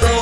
go.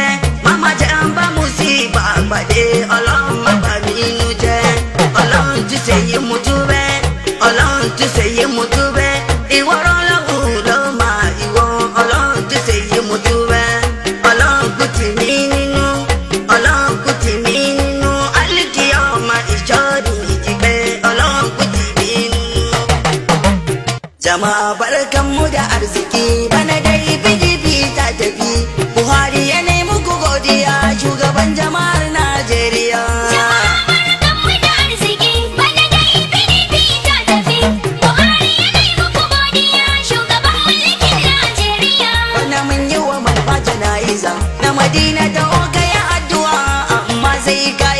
pàdé ọlọ́run má bà mí inú jẹ́ ọlọ́run tún ṣe yé mo tún bẹ́ẹ̀ ọlọ́run tún ṣe yé mo tún bẹ́ẹ̀ ìwọ ọlọ́run ló mà ìwọ ọlọ́run tún ṣe yé mo bẹ́ẹ̀ ọlọ́run kù tì mí nínú ọlọ́run kù tì mí nínú alíkì ọmọ ìjọ́dún ìjìgbẹ́ ọlọ́run kù tì mí nínú. jama barkan mu da arziki. na madina da oga ya addu'a amma zai